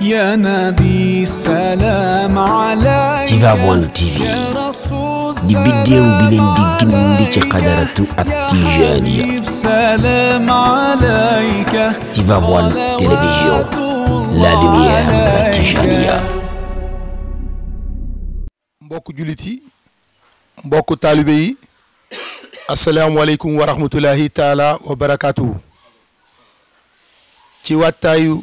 يا نبي سلام عليك تيفا بوان تيفي دي بيديو بلين دي جنن تي قدرتو التيجانية يا نبي السلام عليك تيفا بوان تيليفزيون لا لوميير دو التيجانية مبوك جوليتي مبوك طالبي السلام عليكم ورحمة الله تعالى وبركاته تي واتايو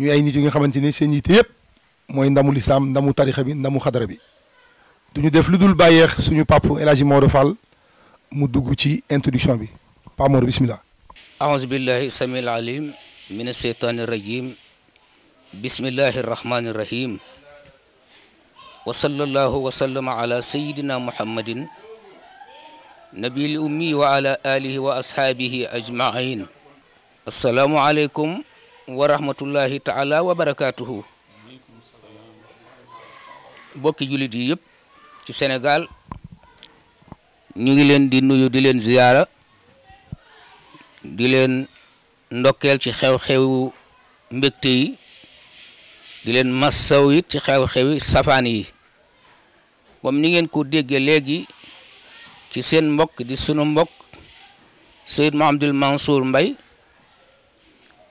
ñu ay nit yu nga xamante ne seen yitte yëpp mooy ndamu lislaam ndamu tarixa bi ndamu xadara bi duñu def lu dul bàyyeex suñu pap El Hadji Maodo Fall mu dugg ci introduction bi Pa Mor bismillah أعوذ بالله السميع العليم من الشيطان الرجيم بسم الله الرحمن الرحيم وصلى الله وسلم على سيدنا محمد نبي الأمي وعلى آله وأصحابه أجمعين السلام عليكم wa rahmatullahi taala wa barakaatuhu bokki jullit yi yëpp ci Sénégal ñu ngi leen di nuyu di leen ziyaara di leen ndokkel ci xew xew mbégte yi di leen massaw it ci xew-xewi safaan yi comme ni ngeen ko déggee léegi ci seen mbokk di sunu mbokk Seyd Mouhamadoul Mansour Mbaye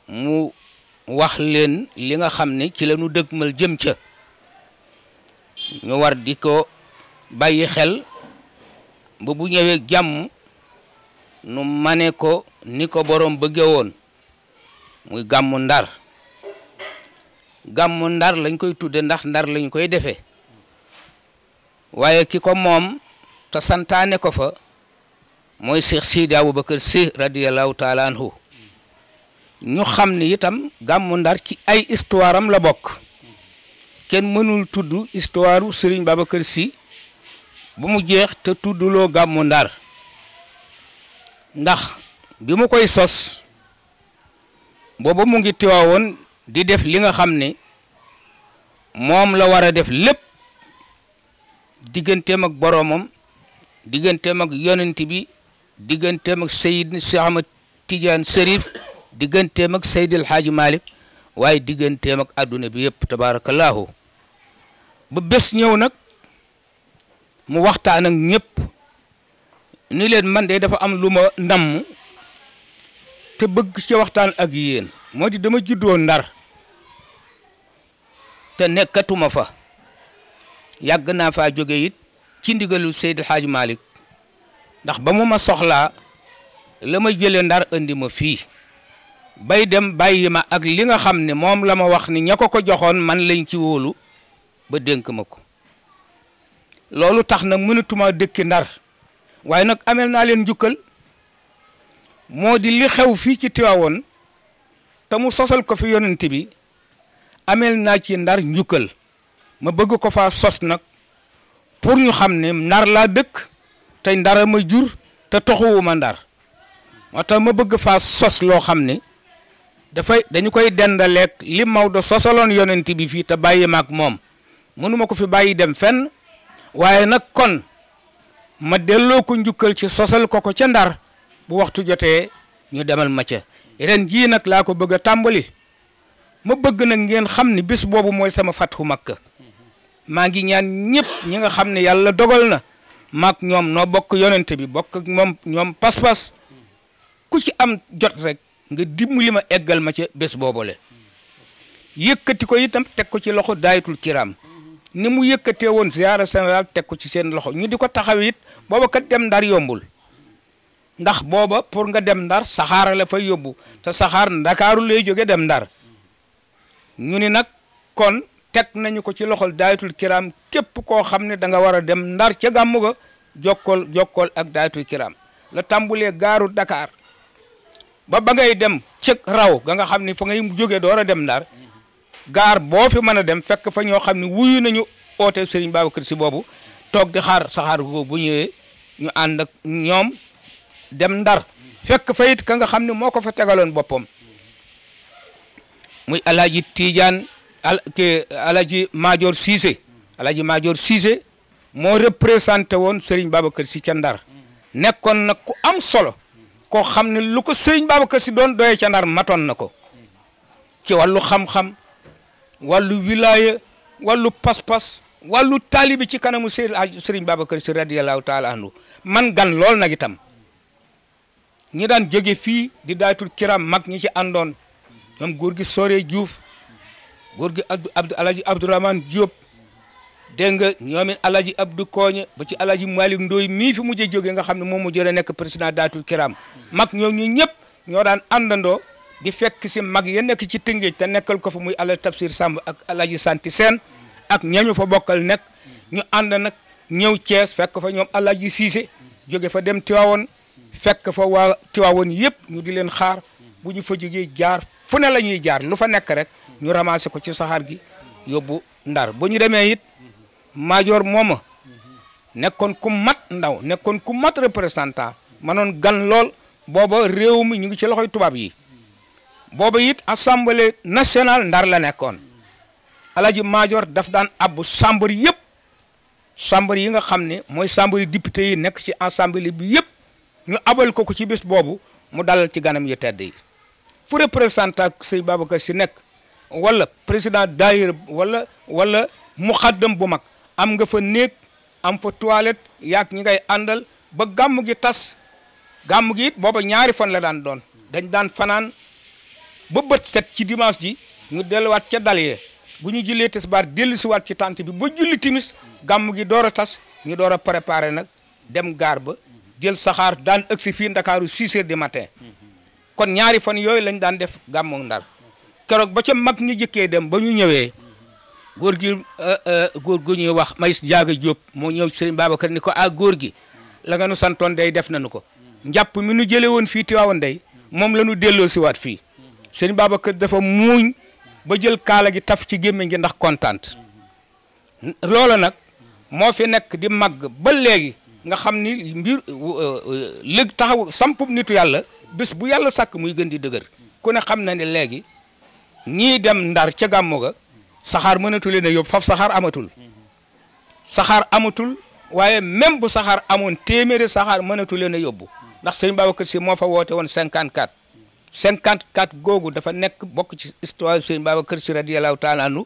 mu wax leen li nga xam ne ci la dëgg dëgmal jëm ca ñu war di ko bàyyi xel ba bu ñëwee jàmm nu mane ko ni ko boroom bëgge woon muy gàmmu ndar gàmmu ndar lañ koy tudde ndax ndar lañ koy defee waaye ki ko moom te santaane ko fa mooy Cheikh Sidi Aboubacar Sy radiyallahu taala anhu ñu xam ni itam gàmmu ndar ci ay histoire la bokk kenn mënul tudd histoire Serigne Babacar Sy bu mu jeex te tudduloo gàmmu ndar ndax bi mu koy sos booba mu ngi tiwaawoon di def li nga xam ne moom la war a def lépp digganteem ak boroomam digganteem ak yonent bi digganteem ak Seydina Cheikh Ahmad Tidiane digganteem ak Seydil Hadji malik waaye digganteem ak adduna bi yëpp tabaarakallaahu ba bés ñëw nag mu waxtaan ak ñëpp ni leen man de dafa am lu ma ndamm te bëgg ci waxtaan ak yéen moo di dama juddoo ndar te nekkatuma fa yàgg naa fa jóge it ci ndigalu Seydil Hadji malik ndax ba mu ma soxlaa la ma jëlee ndar andi ma fii bay dem bàyyi ma ak li nga xam ne moom la ma wax ni ña ko ko joxoon man lañ ci woolu ba dénk ma ko loolu tax na mënatuma dëkki ndar waaye nag amel naa leen njukkal moo di li xew fii ci Tiwaawoon te mu sosal ko fi yonent bi amel naa ci ndar njukkal ma bëgg ko faa sos nag pour ñu xam ne ndar laa dëkk tey ndara ma jur te toxuwuma ndar wata ma bëgg fa sos loo xam ne dafay dañu koy dendaleeg li Maodo sosaloon yonent bi fii te bàyyi maag moom mënuma ko fi bàyyi dem fenn waaye nag kon ma delloo ko njukkal ci sosal ko ko ca ndar bu waxtu jotee ñu demal ma ca ren jii nag laa ko bëgg a tàmbali ma bëgg nag ngeen xam ni bis boobu mooy sama fatxu makka maa ngi ñaan ñëpp ñi nga xam ne yàlla dogal na maak ñoom noo bokk yonent bi bokk ak moom ñoom pas-pas ku ci am jot rek nga dimbali ma eggal ma ca bés boobale yëkkati ko itam teg ko ci loxo daayitul kiram ni mu yëkkatee woon ziara général teg ko ci seen loxo ñu di ko taxaw it dem ndar yombul ndax booba pour nga dem ndar saxaar fa fay yóbbu te saxaar ndakaaru lay jóge dem ndar ñu ni nag kon teg nañu ko ci loxol daayitul kiraam képp koo xam ne da nga war a dem ndar ca gàmmu ga jokkool jokkool ak daayitul kiraam la tàmbulee gaaru Dakar ba ba ngay dem cëg raw ga nga xamni fa ngay joge do a dem dar, gar bo fi meuna dem fekk fa ño xamni wuyu nañu oote Serigne Babacar Sy bobu tok di xaar saxaar go bu ñewé ñu and ak ñom dem dar, fekk fa it ka nga xamni moko fa tegaloon bopom muy alaji tidian al ke alaji Major cisse alaji Major cisse mo représenté won Serigne Babacar Sy ci ndar nekkon nak ku am solo koo xam ne lu ko sëriñ Babacar Sy doon doyee ca Ndar matoon na ko ci wàllu xam-xam wàllu wilaaya wàllu pas-pas wàllu taalibi ci kanamu sëriñ Babacar Sy radiyallahu taala anhu man gan lool nag itam ñi daan jóge fii di daatul kiram mag ñi ci àndoon ñoom góor gi Sore juuf góor gi Abdou Alhaji Abdourahmane Diop dégg nga ñoom it alaji Abdou Koña ba ci alaji Malick ndooy mii fi mujj a jógee nga xam ne moom mu jëlee nekk président daatul kiram mag ñoo ñu ñëpp ñoo daan àndandoo di fekk si mag ya nekk ci Tëngéej te nekkal ko fa muy alaji Tafsir Samb ak alaji Santi Seen ak ñañu fa bokkal nekk ñu ànd nag ñëw Thiès fekk fa ñoom alaji Siise joge fa dem Tiwaawoon fekk fa waa Tiwaawoon yëpp ñu di leen xaar bu ñu fa jógee jaar fu ne la ñuy jaar lu fa nekk rek ñu ramassé ko ci saxaar gi yóbbu Ndar bu ñu demee it maajoor mooma nekkoon ku mat ndaw nekkoon ku mat représentant manoon gan lool booba réew mi ñu ngi ci loxoy tubaab yi booba it assemblée nationale ndar la nekkoon alaji maajoor daf daan abbu chambre yëpp chambre yi nga xam ne mooy chambre député yi nekk ci assemblée bi yëpp ñu abal ko ko ci bés boobu mu dalal ci ganam yu tedd yi fu représentant sëñ Babacar si nekk wala président daayira wala wala muqaddam bu mag am nga fa néeg am fa toilette yaag ñi ngay àndal ba gàmm gi tas gàmm gi booba ñaari fan la daan doon dañ daan fanaan ba bët set ci dimanche ji ñu delluwaat ca dal yee bu ñu jullee tisbaar dellusiwaat ci tànt bi ba julli timis gàmm gi door a tas ñu door a préparé nag dem gaar ba jël saxaar daan ëgsi fii Ndakaaru 6 heures du matin kon ñaari fan yooyu lañ daan def gàmmu Ndar keroog ba ca mag ñi jëkkee dem ba ñu ñëwee góor gi euh, euh, góor gu ñuy wax Maïs Ndiaga Diop moo ñëw Serigne Babacar ni ko ah góor gi la nga nu santoon day def nañu ko njàpp mi nu jëlee woon fii Tiwaawan ndey moom la nu delloo siwaat fii Serigne Babacar dafa muuñ ba jël kaala gi taf ci gémmiñ gi ndax kontaan loola nag moo fi nekk di màgg ba léegi nga xam ni mbir euh, léegi taxaw sampub nitu yàlla bés bu yàlla sàkk muy gën di dëgër ku ne xam na ne léegi ñii dem ndar ca gàmmu ga saxaar mënatu leen a yóbbu faf saxaar amatul saxaar amatul waaye même bu saxaar amoon téeméeri saxaar mënatu leen a yóbbu ndax sëñ Babacar Si moo fa woote woon 54 54 googu dafa nekk bokk ci histoire sëñ Babacar Si radiyallahu taala anhu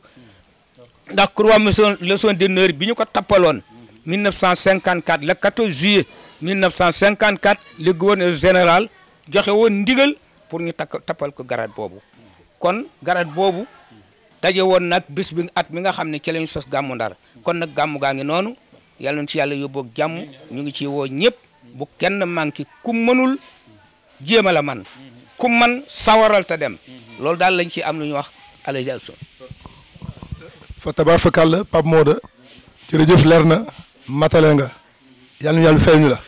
ndax croix leçon d'honneur bi ñu ko tappaloon 1954 le 14 juillet 1954 le gouverneur général joxe woon ndigal pour ñu takk tappal ko garab boobu kon garab boobu daje woon nag bis bi at mi nga xam ne ci sos gàmmu ndar kon nag gàmmu gaa ngi noonu yàlla na ci yàlla yóbboog jàmm ñu ngi ci woo ñëpp bu kenn manqué ku mënul jéem a la man ku man sawaral te dem loolu daal lañ ci am lu ñuy wax alaji alson fa tabarfakàlla Pape Modou jërëjëf leer na matale nga yàlla na yàlla fay ñu la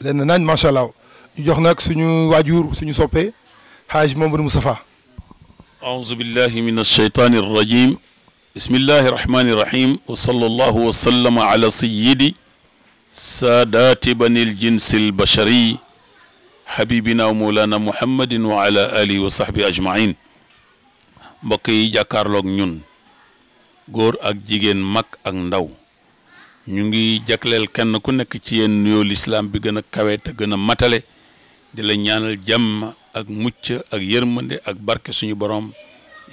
leen na nañ macha allah ñu jox nag suñu waajur suñu soppee xaaj Mamadou Moustapha أعوذ بالله من الشيطان الرجيم بسم الله الرحمن الرحيم وصلى الله وسلم على سيدي سادات بن الجنس البشري حبيبنا ومولانا محمد وعلى آله وصحبه أجمعين بقي جاكارلوغ نون غور أك جيجين مك أك نو نيونجي جاكلل كن كنك تيين نيو الإسلام بيغن كويت غن متالي دي لنيان الجمع ak mucc ak yërmande ak barke suñu borom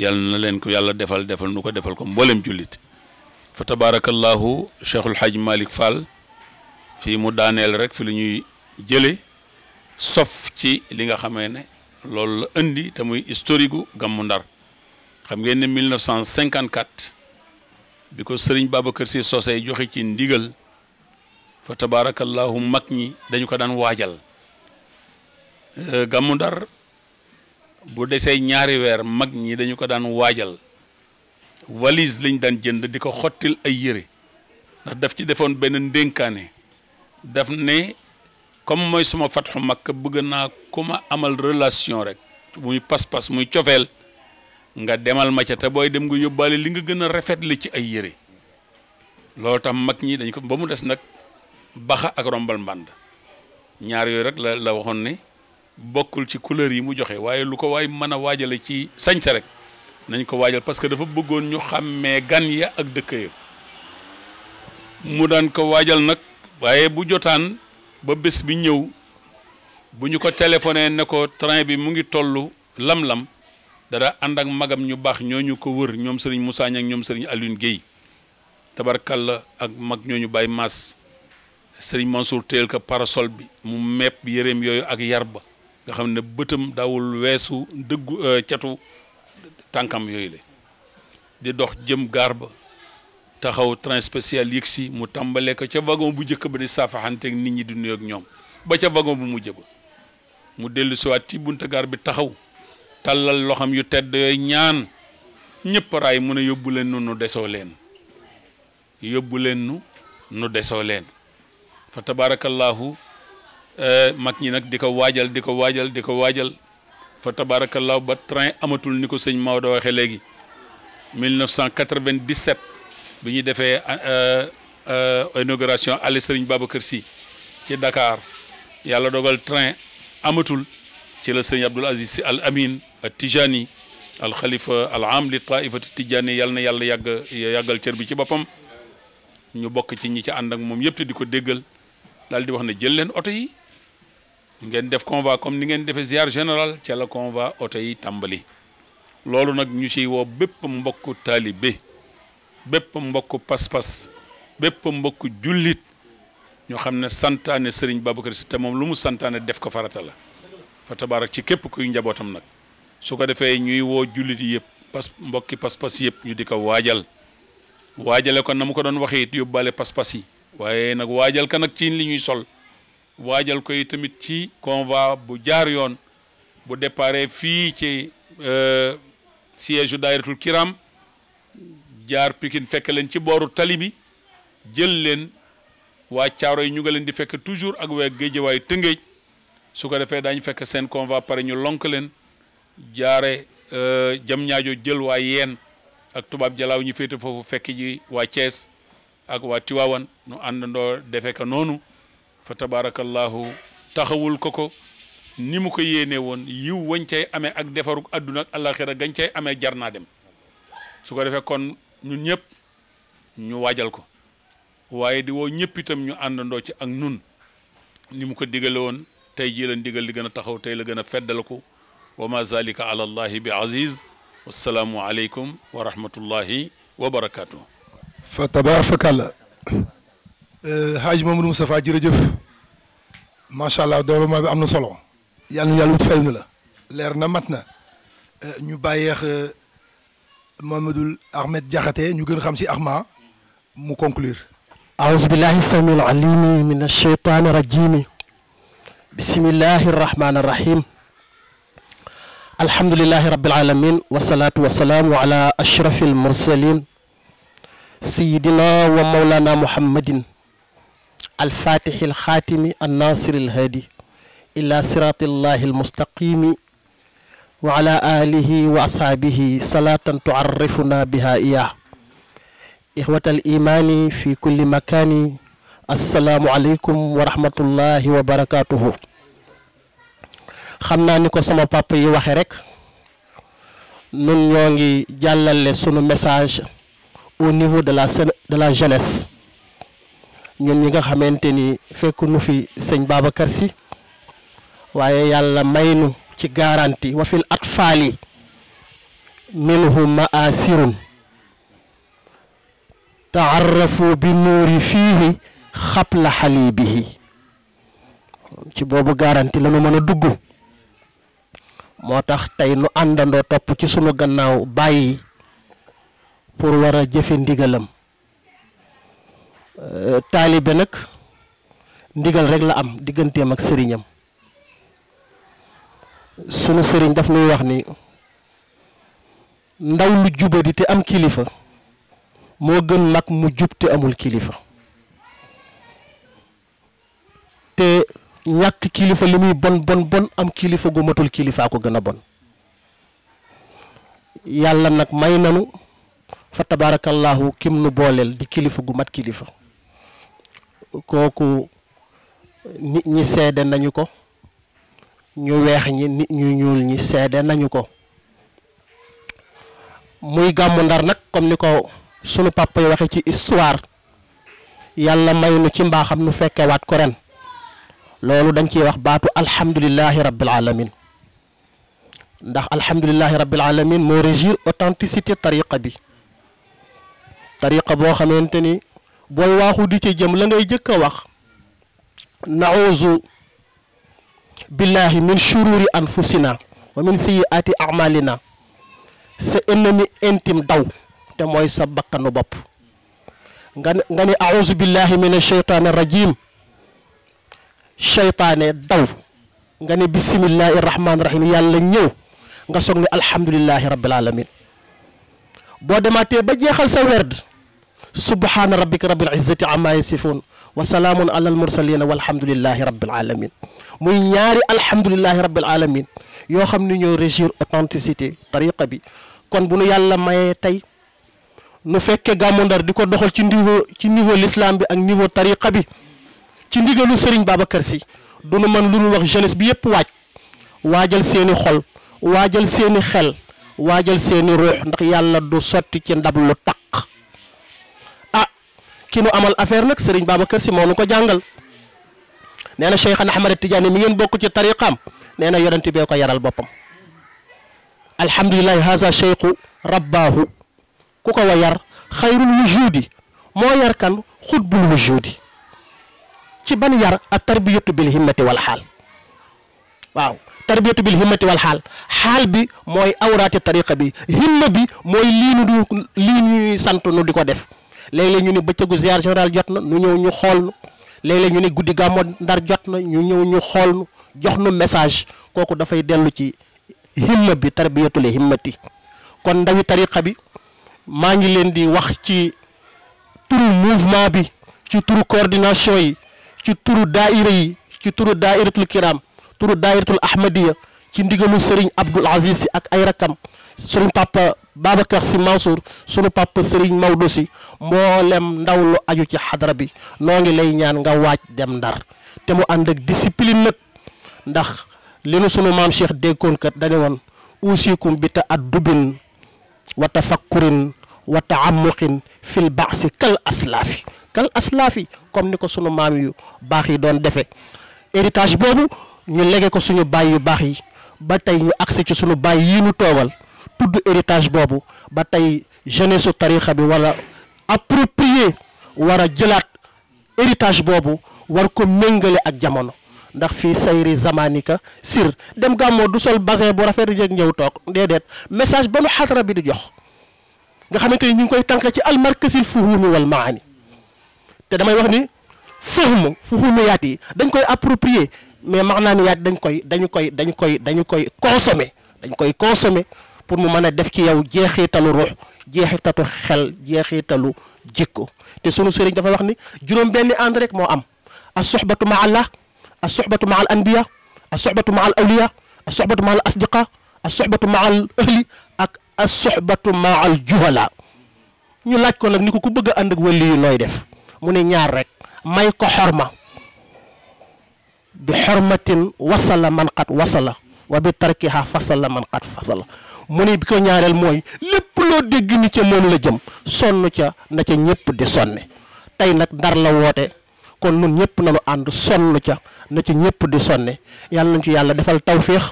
yàlla na leen ko yàlla defal defal nu ko defal ko mboolem jullit fa tabaarakallahu cheikhul haj malik fall fii mu daaneel rek fi lu ñuy jële sof ci li nga xamee ne loolu la indi te muy historique gammu ndar xam ngeen ne 1954 bi ko sëriñ Babacar Sy sosey joxe ci ndigal fa tabaarakallahu mag ñi dañu ko daan waajal Euh, gàmmu ndar bu desee ñaari weer mag ñi dañu ko daan waajal valise lañ daan jënd di ko xottil ay yére ndax daf ci defoon benn ndénkaane daf ne comme mooy suma fatxu makk bëgg naa ku ma amal relation rek muy pas-pas muy cofeel nga demal ma te booy dem nga yóbbaale li nga gën a rafet la ci ay yére loolu tam mag ñi dañ ko ba mu des nag baxa ak rombal mbànd ñaari yooyu rek la la waxoon ne bokul ci couleur yi mu joxe waye lu ko way meuna wajale ci sañse rek nañ ko wajal parce que dafa bëggoon ñu xamé gan ya ak dëkk ya mu daan ko wajal nak waye bu jotaan ba bés bi ñew bu ñu ko téléphoné ne ko train bi mu ngi tollu lam-lam dara andang ak magam ñu bax ñoñu ko wër ñom serigne Moussa ñak ñom serigne Alioune Guèye tabarkal ak mag ñoñu bay maas serigne Mansour teel ka parasol bi mu mep yereem yoyu ak yarba nga xam ne bëtam dawul weesu dëggu euh, catu tànkam yooyu la di dox jëm gaar ba taxaw train spécial yëg si mu tàmbalee ko ca wagon bu njëkk ba di saafaxanteeg nit ñi di nuyu ñoom ba ca wagon bu mu jëba mu dellu siwaat ci bunta gaar bi taxaw tàllal loxam yu tedd yooyu ñaan ñëpp raay mun a yóbbu leen nu nu desoo leen yóbbu leen nu nu desoo leen fa tabaarakallaahu Eh, mag ñi nag di ko waajal di ko waajal di ko waajal fa tabaarakallaahu ba train amatul ni ko sëñ Maodo waxee léegi 1997 bi ñu defee eh, eh, inauguration Allée Serigne Babacar Sy ci dakaar yàlla dogal train amatul ci la sëñ Abdoul Aziz Sy Al Amin al Tijani al xalifa al am li taifati Tijani yàlla na yàlla yàgg yàggal cër bi ci boppam ñu bokk ci ñi ci ànd moom yëpp di ko déggal daal di wax ne jël leen oto yi ngeen def convoi comme ni ngeen defee ziar général ca la convoi oto yi tàmbali loolu nag ñu ciy woo bépp mbokku taalibe bépp mbokku pas-pas bépp mbokku jullit ñu xam ne santaane Serigne Babacar Sy te moom lu mu santaane def ko farata la fa tabaarak ci képp kuy njabootam nag su ko defee ñuy woo jullit yëpp pas mbokki pas-pas yëpp ñu di ko waajal waajale ko na mu ko doon waxee it yóbbaale pas-pas yi waaye nag waajal ko nag ci li ñuy sol. waajal koy tamit ci convoi bu jaar yoon bu dépare fii ci euh, siège u daayiratul kiram jaar Pikine fekk leen ci booru tali bi jël leen waa caaro yi ñu nga leen di fekk toujours ak waa géejewaay tëngéej su ko defee daañu fekk seen convoi pare ñu lonk leen jaare euh, jam ñaajo jël waa yeen ak tubaab jalaaw ñu féete foofu fekk ji waa Thiès ak waa Tiwaawan nu àndandoo defee ka noonu fa tabaarakallaahu taxawul ko ko ni mu ko yéenee woon yiw wañ cay amee ak defaruk àdduna ak àllaaxira gañ cay amee jar naa dem su ko defee kon ñun ñëpp ñu waajal ko waaye di woo ñëpp itam ñu àndandoo ci ak nun ni mu ko digale woon tey jii leen digal li gën a taxaw tey la gën a feddal ko wa ma zalika ala allahi bi aziz wassalaamu aleykum wa rahmatullahi wa barakaatu. fa tabaarakallah. Haaj Mamadou Moustapha jërëjëf. ما شاء الله دولة ما بأمن صلاة يعني يلو تفعلنا لأرنا متنا نبايخ محمد أحمد جاكتي نجن خمسي أخما مكونكلير أعوذ بالله السميع العليم من الشيطان الرجيم بسم الله الرحمن الرحيم الحمد لله رب العالمين والصلاة والسلام على أشرف المرسلين سيدنا ومولانا محمدٍ الفاتح الخاتم الناصر الهادي إلى صراط الله المستقيم وعلى آله وأصحابه صلاة تعرفنا بها إياه إخوة الإيمان في كل مكان السلام عليكم ورحمة الله وبركاته خمنا نكو ni ko sama نون yi جلال rek مساج au niveau de la de la jeunesse ñun ñi nga xamanteni fekk nu fi sëñ babakar si waye yalla maynu ci garanti wa fil atfali minhum maasirun taarrafu bi nuuri fihi khabl halibihi ci bobu garanti lañu mëna dugg motax tay nu andando top ci sunu gannaaw bayyi pour wara jëfë ndigalam Euh, taalibe nag ndigal rek la am digganteem ak sëriñam sunu sëriñ daf nuy wax ni ndaw lu jubadi te am kilifa moo gën mag mu jub te amul kilifa te ñàkk kilifa li muy bon bon bon am kilifa gu matul kilifaa ko gën a bon yàlla nag may nanu fa tabaarakallaahu kim nu booleel di kilifa gu mat kilifa kooku nit ñi seede nañu ko ñu weex ñi nit ñu ñuul ñi seede nañu ko muy gàmmu ndar nag comme ni ko sunu papa yi waxe ci histoire yàlla may nu ci mbaaxam nu fekkewaat ko ren loolu dañ ciy wax baatu alhamdulilahi rabbil alamin ndax alhamdulilahi rabbil alamin moo régir authenticité tariqa bi tariqa boo xamante ni boy waxu di ci jëm la ngay jëk wax nauzu billahi min shururi anfusina wa min sayyiati amalina sa ennemi intime daw te moy sa bakkanu bop nga ni auzu billahi min ash-shaytanir rajim shaytané daw nga ni bismillahir rahmanir rahim yàlla ñëw nga sokni ne rabbil alamin bo dematé ba jéxal sa werd سبحان ربك رب العزة عما يصفون وسلام على المرسلين والحمد لله رب العالمين موي نياري الحمد لله رب العالمين يو خامني نيو ريجير اوتنتيسيتي طريقه بي كون بونو يالا ماي تاي نو فك غاموندار ديكو دوخال سي نيفو سي نيفو الاسلام بي اك نيفو طريقه بي سي نديغلو سيرين بابا كرسي دونو مان لولو واخ جينيس بي ييب واج واجال سيني خول واجال سيني خيل واجال سيني روح نخ يالا دو سوتي سي ندبلو تاك ki amal affaire nag Serigne Babacar Sy moo nu ko jàngal nee na Cheikhana Ahmad Tidiane mi ngeen bokk ci tariqaam nee na yonent bee ko yaral boppam alhamdulilahi haza cheikhu rabbaahu ku ko wa yar xayrul wujudi moo yar kan xutbul wujudi ci ban yar ak tarbiyatu bil himmati wal xaal waaw tarbiyatu bil himmati wal xaal xaal bi mooy awraati tariqa bi himma bi mooy lii du lii sant nu di ko def léeg-léeg ñu ne bëccëgu ziar général jot na ñu ñëw ñu xool nu léeg-léeg ñu ne guddi gàmmo ndar jot na ñu ñëw ñu xool nu jox nu message kooku dafay dellu ci himma bi tarbiyatul himmati kon ndawi tariqa bi maa ngi leen di wax ci turu mouvement bi ci turu coordination yi ci turu daaira yi ci turu daairatul kiram turu daairatul ahmadiya ci ndigalu Serigne Abdoul Aziz ak ay rakam sunu papa Babacar Sy Mansour sunu papa Serigne Maodo Sy mboolem ndaw lu aju ci xadara bi noo ngi lay ñaan nga waaj dem ndar te mu ànd ak discipline nag ndax li nu sunu maam Cheikh déggoon kat woon uusikum bi ta addubin wa tafakkurin wa taamuqin fil baasi kal aslaafi kal aslaafi comme ni ko sunu maam yu baax yi doon defe héritage boobu ñu lege ko suñu baay yu baax yi ba tey ñu agsi ci sunu baay yi ñu toogal tudd héritage boobu ba tey jeunesse su tarixa bi wala approprié war a jëlaat héritage boobu war ko méngale ak jamono ndax fii sayri zamanika sir dem gàmmoo du sol basin bu rafet rek ñëw toog déedéet message ba nu xadra bi di jox nga xamante ni ñu ngi koy tànk ci almarkasil fuhumi wal maani te damay wax ni fahmu fuhumiyaat yi dañ koy approprier mais max naa maanaam yaat dañ koy dañu koy dañu koy dañu koy consommer dañ koy consommer pour mu mën a def ci yow jeexitalu ruux jeexitatu xel jeexitalu jikko te sunu sëriñ dafa wax ni juróom benni ànd rek moo am as soxbatu ma allah as ma al anbiya as ma al awliya as ma al asdiqa as ma al ahli ak as ma al juhala ñu laaj ko nag ni ko ku bëgg a ànd ak wali nooy def mu ne ñaar rek may ko xorma bi xormatin wasala man qad wasala wa bi tarkiha fasal la man xat fasal mu ni bi ko ñaareel mooy lépp loo dégg ni ca moom la jëm sonn ca na ca ñëpp di sonne tey nag ndar la woote kon nun ñëpp nañu ànd sonn ca na ca ñëpp di sonne yàlla nañ ci yàlla defal tawféex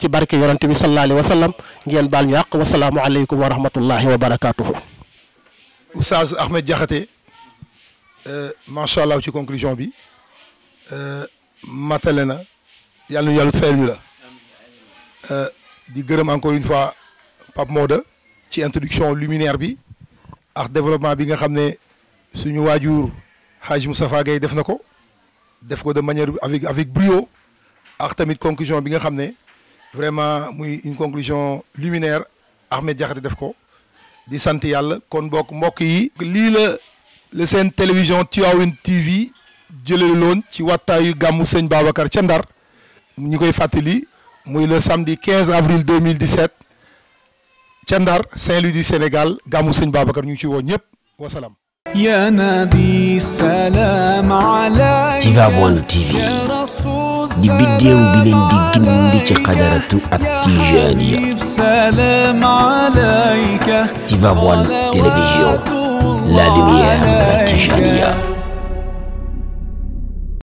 ci barke yonante bi sallallahu alayhi wa sallam ngeen baal ñu àq wasalaamu aleykum wa rahmatullahi wa barakaatuhu Oustaz Ahmed Diakhaté euh, macha allah ci conclusion bi euh, matale na yàlla nu yàlla fayal ñu la Euh, di encore une fois Pape mode, introduction luminaire bi développement bi nga xamné suñu Moustapha def de manière avec avec brio ak tamit conclusion bi nga vraiment une conclusion luminaire Ahmed Diakhaté def ko di sante Yalla kon bokk mbokk yi. li la la télévision TV Babacar muy le samedi 15 avril 2017 Tchandar, Saint-Louis du Sénégal Gamou Seigne Babacar ñu salam. ci woo ñëpp voir le TV di biddéew bi leen di gindi ci at ak télévision la lumière de la